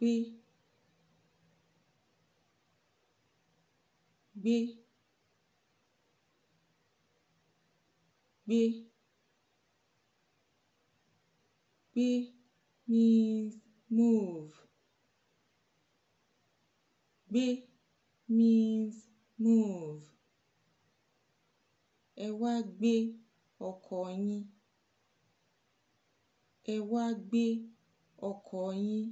gbé gbé gbé gbé means move gbé means move ẹ wá gbé ọkọ̀ yín ẹ wá gbé ọkọ̀ yín.